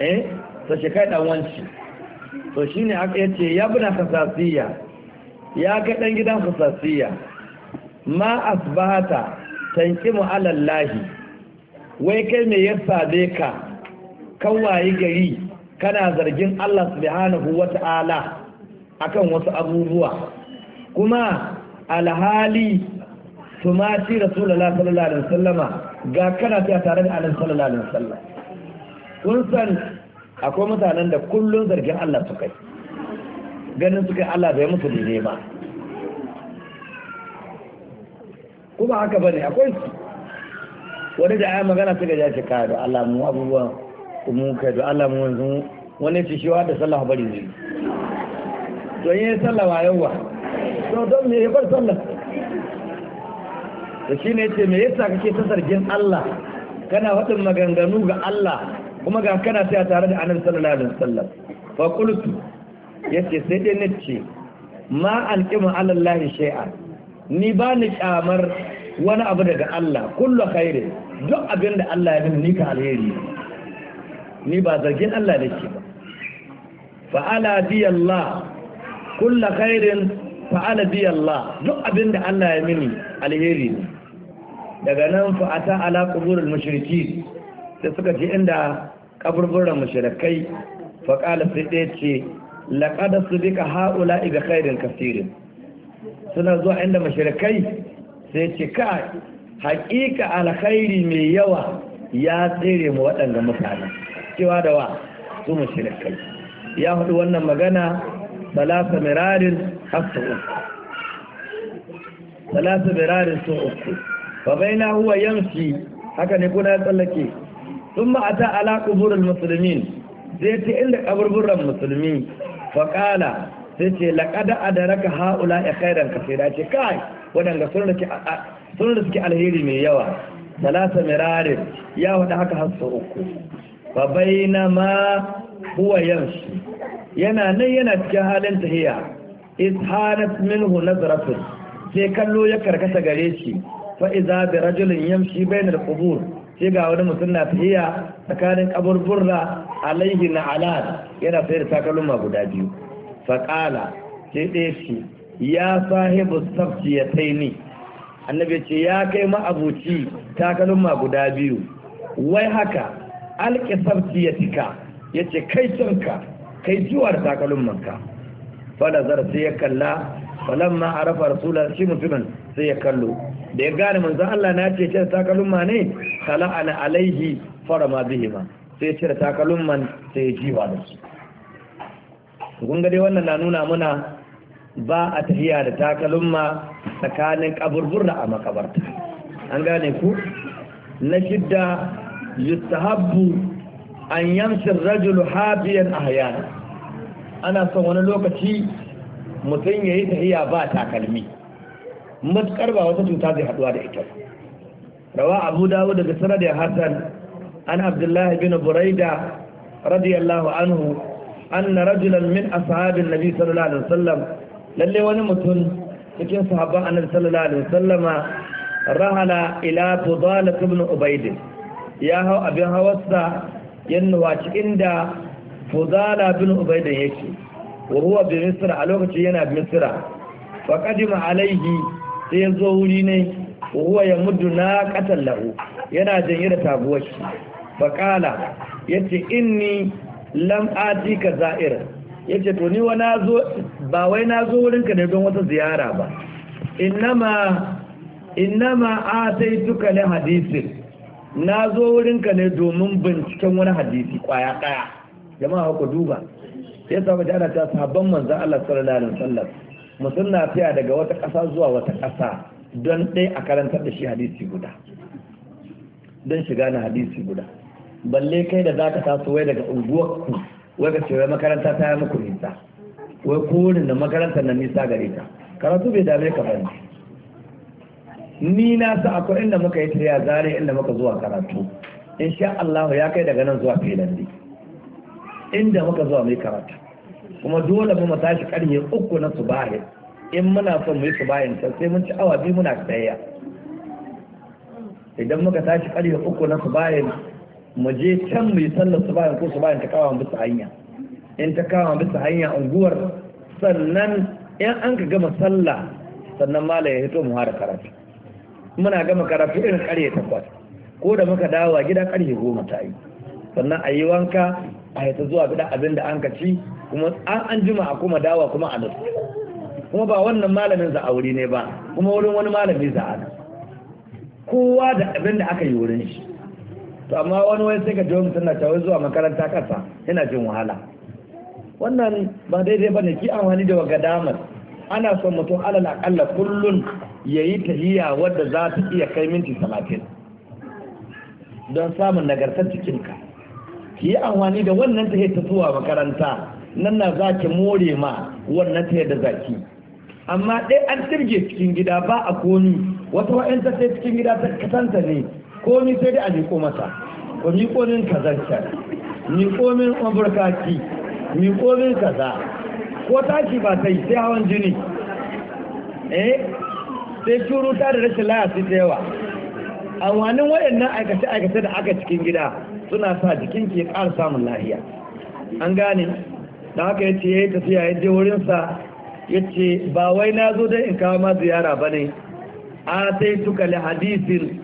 eh to shi kai dan wanci to shine aka yace ya buna kasasiya ya kai dan gidan kasasiya ma asbahata tanqimu ala llahi wai kai me ya sabe ka kawaye gari kana zargin Allah subhanahu wata'ala akan wasu abubuwa kuma alhali su ma ci rasulullah sallallahu alaihi wasallama ga kana ta tare da annabi sallallahu alaihi wasallam kun san akwai mutanen da kullun zargin Allah su kai ganin su kai Allah bai musu daidai ba kuma haka bane akwai su wani da ayi magana suka ja shi kaya da Allah mu abubuwa mu kai da Allah mu yanzu wani ci shi da sallah bari ne to yin sallah wa yawa to don me ya bar sallah da shi ne ce me yasa kake ta zargin Allah kana wadin maganganu ga Allah kuma ga kana tsaya tare da annabi sallallahu alaihi wasallam fa qultu yace sai dai nace ma alqimu ala Allah shay'a ni ba ni kyamar wani abu daga Allah kullu khairin duk abin da Allah ya ni ka alheri ni ba zargin Allah nake ba ala bi Allah kullu khairin ala bi Allah duk abin da Allah ya mini alheri ne daga nan fa ata ala quburul mushriki sai suka je inda kaburburan mushrikai fa qala sai dai ce laqad sabika haula bi khairin kaseerin suna zuwa inda mushrikai sai ce ka haƙiƙa alkhairi mai yawa ya tsere mu waɗanda mutane cewa da wa su mushrikai ya hudu wannan magana salasa mirarin hasu salasa su uku Babaina baina huwa yamshi haka ne kuna tsallake sun ma ta ala kuburul musulmi sai ce inda kaburburan musulmi faƙala sai ce a adraka haula khairan kaseera ce kai wadanga sun rike sun rike alheri mai yawa salasa mirarin ya wada haka har uku Babaina baina ma huwa yamshi yana nan yana cikin halin tahiya ishanat minhu zarafin, sai kallo ya karkasa gare shi fa iza bi rajulin yamshi bainal qubur ce ga wani mutum na tafiya tsakanin kaburburra alaihi na alad yana sayar takalma guda biyu faƙala ce ɗaya shi ya sahibu safci ya taini annabi ce ya kai ma'abuci takalma guda biyu wai haka alƙi safci ya tika ya ce kai cinka kai jiwar takalmanka fada zar sai ya kalla falamma arafa rasulan shi mutumin sai ya kallo da ya gane manzon Allah na ce cire takalma ne kala ana alaihi farama bihima sai cire takalman sai ya jiwa da su kun ga wannan na nuna muna ba a tafiya da takalma tsakanin kaburbura a makabarta an gane ku na shidda yustahabbu an yamsir rajulu a hayana. ana son wani lokaci mutum ya yi tahiya ba takalmi matukar ba wata cuta zai haduwa da ita rawa abu dawo daga sanadin hassan an abdullahi bin buraida radiyallahu anhu An na rajulan min ashabin nabi sallallahu alaihi wasallam lalle wani mutum cikin sahabban annabi sallallahu alaihi wasallam rahala ila fudala ibn ubayd ya hau abin hawarsa yannuwa cikin da fudala ibn ubayd yake wa huwa bi misra a lokacin yana bi misra fa qadima alaihi sai ya zo wuri ne huwa ya muddu na katan lahu yana janye da taguwar shi bakala ya ce inni lam ka za'ir ya ce to ni wa zo ba wai na zo wurinka ne don wata ziyara ba innama innama ataituka li hadisin na zo wurinka ne domin binciken wani hadisi kwaya ɗaya jama'a ku duba sai sa wajen ana ta sabon manzan Allah sallallahu alaihi wasallam mutum na fiya daga wata ƙasa zuwa wata ƙasa don ɗai a karantar da shi hadisi guda don shiga na hadisi guda balle kai da zaka taso wai daga unguwar wai ka ce wai makaranta ta yi muku nisa wai kowane da makarantar na nisa gare ta karatu bai dame ka bane ni na sa akwai inda muka yi tiriya zare inda muka zuwa karatu insha Allah ya kai daga nan zuwa filin inda muka zuwa mai karatu kuma dole mu tashi karye uku na subahin in muna son mu yi subahin ta sai mun ci awa biyu muna tsayayya idan muka tashi karye uku na subahin mu je can mu yi sallar subahin ko subahin ta kawo bisa hanya in ta kawo bisa hanya unguwar sannan in an ka gama sallah sannan mala ya hito mu fara karatu muna gama karatu irin karye takwas ko da muka dawo gida karye goma ta yi sannan a yi wanka a ta zuwa gida abin da an ka ci kuma an an jima a kuma dawa kuma a nasu kuma ba wannan malamin za wuri ne ba kuma wurin wani malami za a kowa da abin da aka yi wurin shi to amma wani wani sai ka jiwa wani tana cewa zuwa makaranta kasa yana jin wahala wannan ba daidai ba ne ki amfani da waga damar ana son mutum alal akalla kullun ya yi tahiya wadda za ta iya kai minti talatin don samun nagartar cikinka. ki yi amfani da wannan tahiyar ta zuwa makaranta nan na za ki more ma wannan ta da zaki amma dai an tirge cikin gida ba a komi wata wa'yan ta sai cikin gida ta kasanta ne komi sai dai a miko masa ko miko min kazancar miko min miko min kaza ko tashi ba ta yi sai hawan jini eh sai curuta da rashin laya su yawa amfanin waɗannan aikace-aikace da aka cikin gida suna sa jikin ke ƙara samun lahiya an gane da haka ya ce ya yi tafiya ya je wurinsa ya ce ba wai na zo don in kawo ma ziyara ba ne a sai tuka li hadisin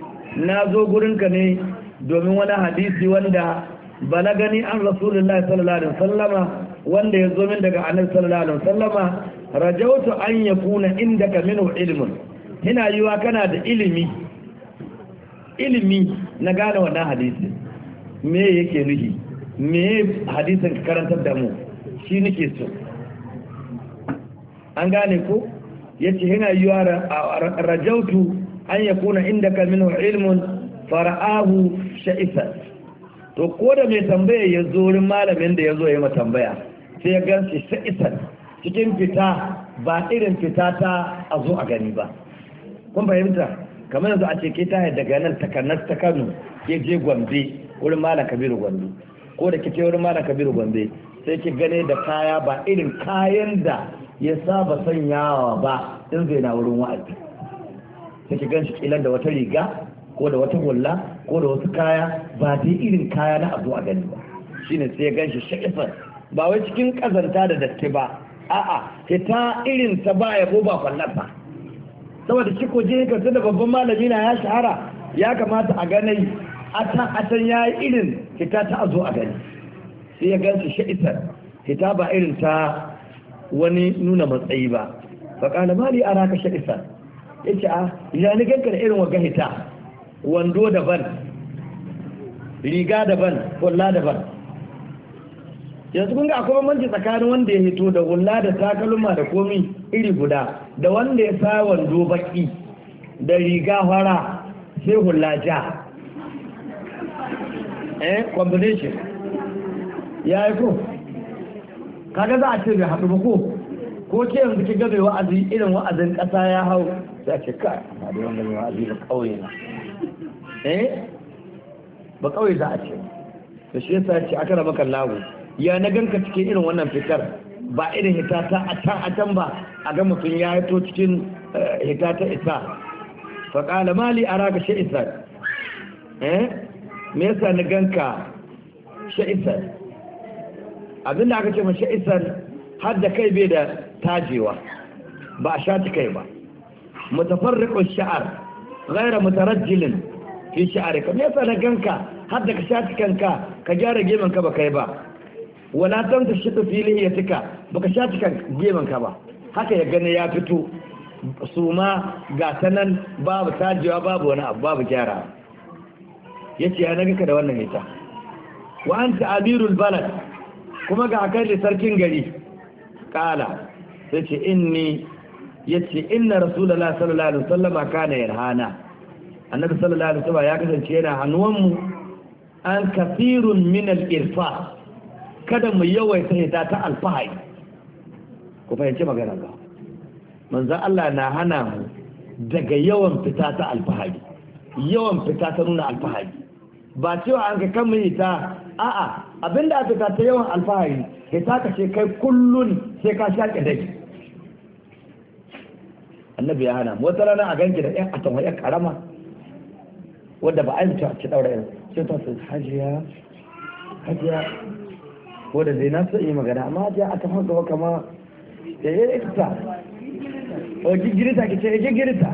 na zo gurinka ne domin wani hadisi wanda ba na gani an rasulullah sallallahu alaihi Sallama wanda ya zo min daga annabi sallallahu alaihi rajautu an yakuna indaka minhu ilmun hina yiwa kana da ilimi ilimi na gane wannan hadisi me yake nufi me hadisin ka karantar da mu shi nake so an gane ko yace yana yiwa rajautu an inda indaka minhu ilmun fara'ahu sha'isa to ko da mai tambaya ya zo malamin da ya zo ya ma tambaya sai ya gansu sha'isa cikin fita ba irin fita ta a zo a gani ba kun fahimta kamar yanzu a ce ke ta daga nan takarnar ta Kano ke je Gombe wurin malam Kabiru Gombe ko da kike wurin malam Kabiru Gombe sai ki gane da kaya ba irin kayan da ya saba sanyawa ba in zai na wurin wa'azi sai ki ganshi kilan da wata riga ko da wata hulla ko da wasu kaya ba dai irin kaya na abu a gani ba shine sai ya ganshi sha'ifar ba wai cikin kazanta da datti ba a'a fita irin ta ba ko ba ba saboda shi ko je ka da babban malami na ya shahara ya kamata a ganai can ya yayi irin fita ta azo a gani sai ya gansu sha'isar fita ba irin ta wani nuna matsayi ba ba mali a raka sha'isar ya ce a ah, ya ni ganka da irin waga hita wando daban riga daban hulla daban yanzu kun ga akwai bambanci tsakanin wanda ya hito da hulla da takalma da komi iri guda da wanda ya sa wando baki da riga fara sai hulla ja eh combination ya yi ko kaga za a ce bai haɗu ba ko ko ce yanzu ki gabe wa'azi irin wa'azin ƙasa ya hau sai ce ka amma da wanda mai wa'azi ba ƙauye na eh ba ƙauye za a ce da shi yasa ce aka raba kan lagu ya na ganka cikin irin wannan fitar? ba irin hita ta a can a can ba a ga mutum ya hito cikin eh, hita ta isa faƙala mali a raka isa eh me yasa na ganka isa Abin da aka ce mashi isan har da kai bai da tajewa ba a shati kai ba mutafarriqu sha'ar mutarar jilin fi sha'ar kamar yasa na ganka har da ka shati kanka ka gyara geman ka ba kai ba wala ta shi ta fili ya cika baka shati kan geman ka ba haka ya gani ya fito su ma ga sanan babu tajewa babu wani abu babu gyara ce ya naga ka da wannan ita wa anta amirul balad kuma ga kai da sarkin gari kala sai ce inni ce inna rasulullahi sallallahu alaihi wasallama kana yarhana annabi sallallahu alaihi wasallam ya kasance yana hannuwan mu an kafirun min al-irfa kada mu yawaita hita ta alfahari ku fahimci magana ba manzon Allah na hana mu daga yawan fita ta alfahari yawan fita ta nuna alfahari ba cewa an ka kan ta a'a abinda aka ta yawan alfahari ya ka ce kai kullun sai ka shaƙe dai annabi ya hana wata rana a ganki da ɗan a tawaye karama wanda ba a yi ta ci daura yau sai ta sai hajiya hajiya ko da zai na so yi magana amma hajiya a tafi gaba kama ya yi ita o gigirita ke ce ya eh, gigirita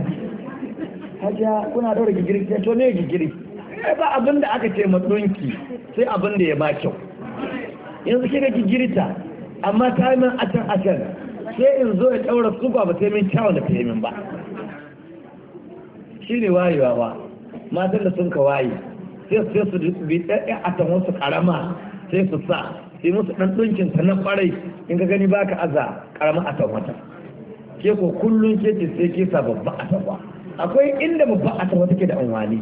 hajiya kuna daura gigirita eh, to ne gigirita Sai ba abin da aka ce matsunki sai abin da ya ba kyau yanzu kika ki girta amma ta yi min atan acan sai in zo ya ɗaura su ba sai min kyawun da ta yi min ba shi ne wayewa ba matan da sun ka waye sai su bi ɗaya a wasu ƙarama sai su sa sai musu ɗan ɗunkin ta na ƙwarai in ka gani baka aza ƙarama a wata ke ko kullum ke ce sai ke sa babba a akwai inda babba a wata ke da anwani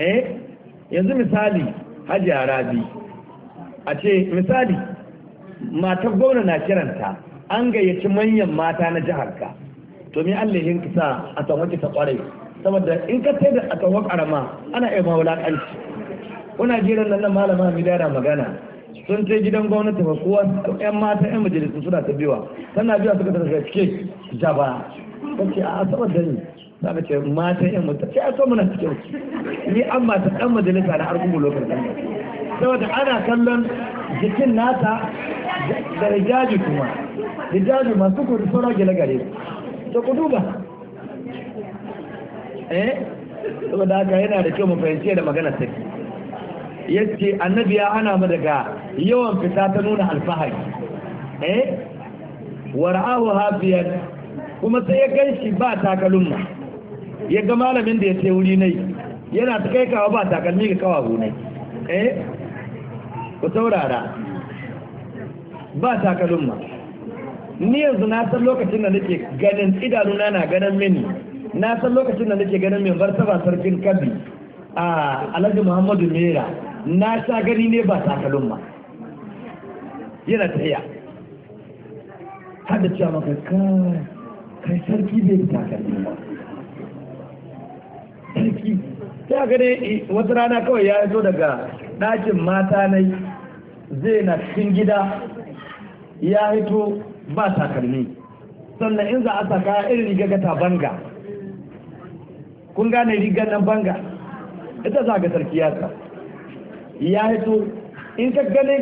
eh yanzu misali hajji arabi a ce misali matar gwamna na kiranta an gayyaci manyan mata na jihar ka to me Allah yin kisa a tsawon ta kwarai saboda in ka sai da aka karama ana iya mawulakanci kuna jiran nan nan malama mai dara magana sun ce gidan gwamnati ba kowa yan mata yan majalisun suna ta biwa tana biya suka tafi cike jaba kace a saboda ni za ka ce mata yan mutu ce a so muna kyau ni an ta dan majalisa na argungu lokacin saboda ana kallon jikin nata da rijaji kuma rijaji masu kudu sauran gila gare ta kudu ba eh saboda haka yana da kyau mu fahimci da magana take yace annabi ya hana mu daga yawan fita ta nuna alfahari eh ra'ahu hafiyan kuma sai ya ganshi ba takalumma ya ga malamin da ya ce wuri nai yana ta kai kawa ba takalmi ga kawo gunai eh ku saurara ba takalun ma ni yanzu na san lokacin da nake ganin idanuna na ganin mini na san lokacin da nake ganin mai bar saba sarkin kabi a alhaji muhammadu mera na sha gani ne ba takalun ma yana tafiya hada cewa maka kai sarki bai takalmi ba. kirki ta gane eh, wata rana kawai ya zo daga ɗakin mata nai zai na cikin gida ya hito ba takalmi sannan in za a saka irin riga ta banga kun gane rigar nan banga ita za ga sarki ya sa ya hito in ka gane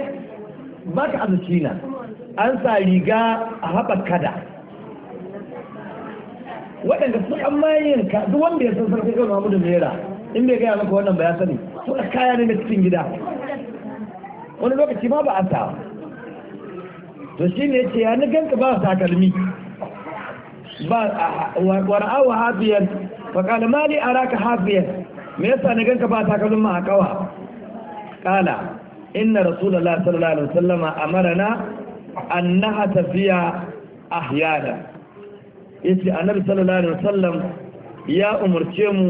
ba ka an sa riga a haɓar kada waɗanda su an mayin ka duk wanda ya san sarki kan Muhammadu Naira in bai gaya maka wannan ba ya sani su kaya ne na cikin gida wani lokaci ma ba a ta to shi ne ce ya ni ganka ba takalmi ba wara'awa hafiyar faƙala mali araka hafiyar me yasa ni ganka ba takalmin ma a kawa kala inna rasulullahi sallallahu alaihi wasallama amarana annaha tafiya ahyana yace annabi sallallahu alaihi wasallam ya umarce mu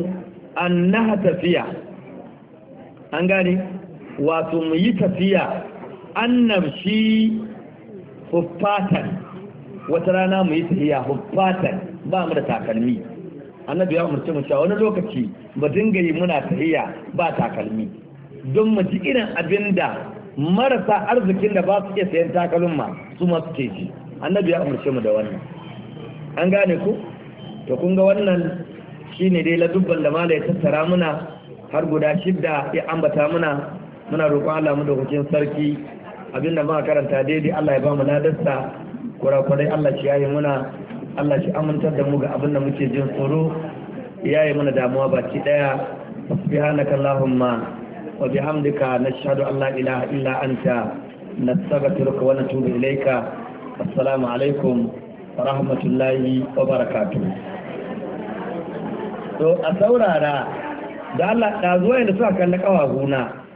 an naha tafiya an gane wato mu yi tafiya shi huffatan wata rana mu yi tafiya huffatan ba mu da takalmi annabi ya umarce mu cewa wani lokaci ba dinga yi muna tafiya ba takalmi don mu ji irin abin da marasa arzikin da ba su iya sayan takalma su ma ce ji annabi ya umarce mu da wannan an gane ku to kun ga wannan shine dai ladubban da malai tattara muna har guda shidda ya ambata muna muna roƙon Allah mu dokokin sarki abinda muka karanta daidai Allah ya ba mu ladarsa kurakurai Allah shi yayi muna Allah shi amintar da mu ga abin da muke jin tsoro yayi muna damuwa baki daya subhanaka allahumma wa bihamdika nashhadu an la ilaha illa anta nastaghfiruka wa natubu ilayka assalamu alaikum rahmatullahi wa barakatu to a saurara da Allah ɗazuwa yadda suka kalli na.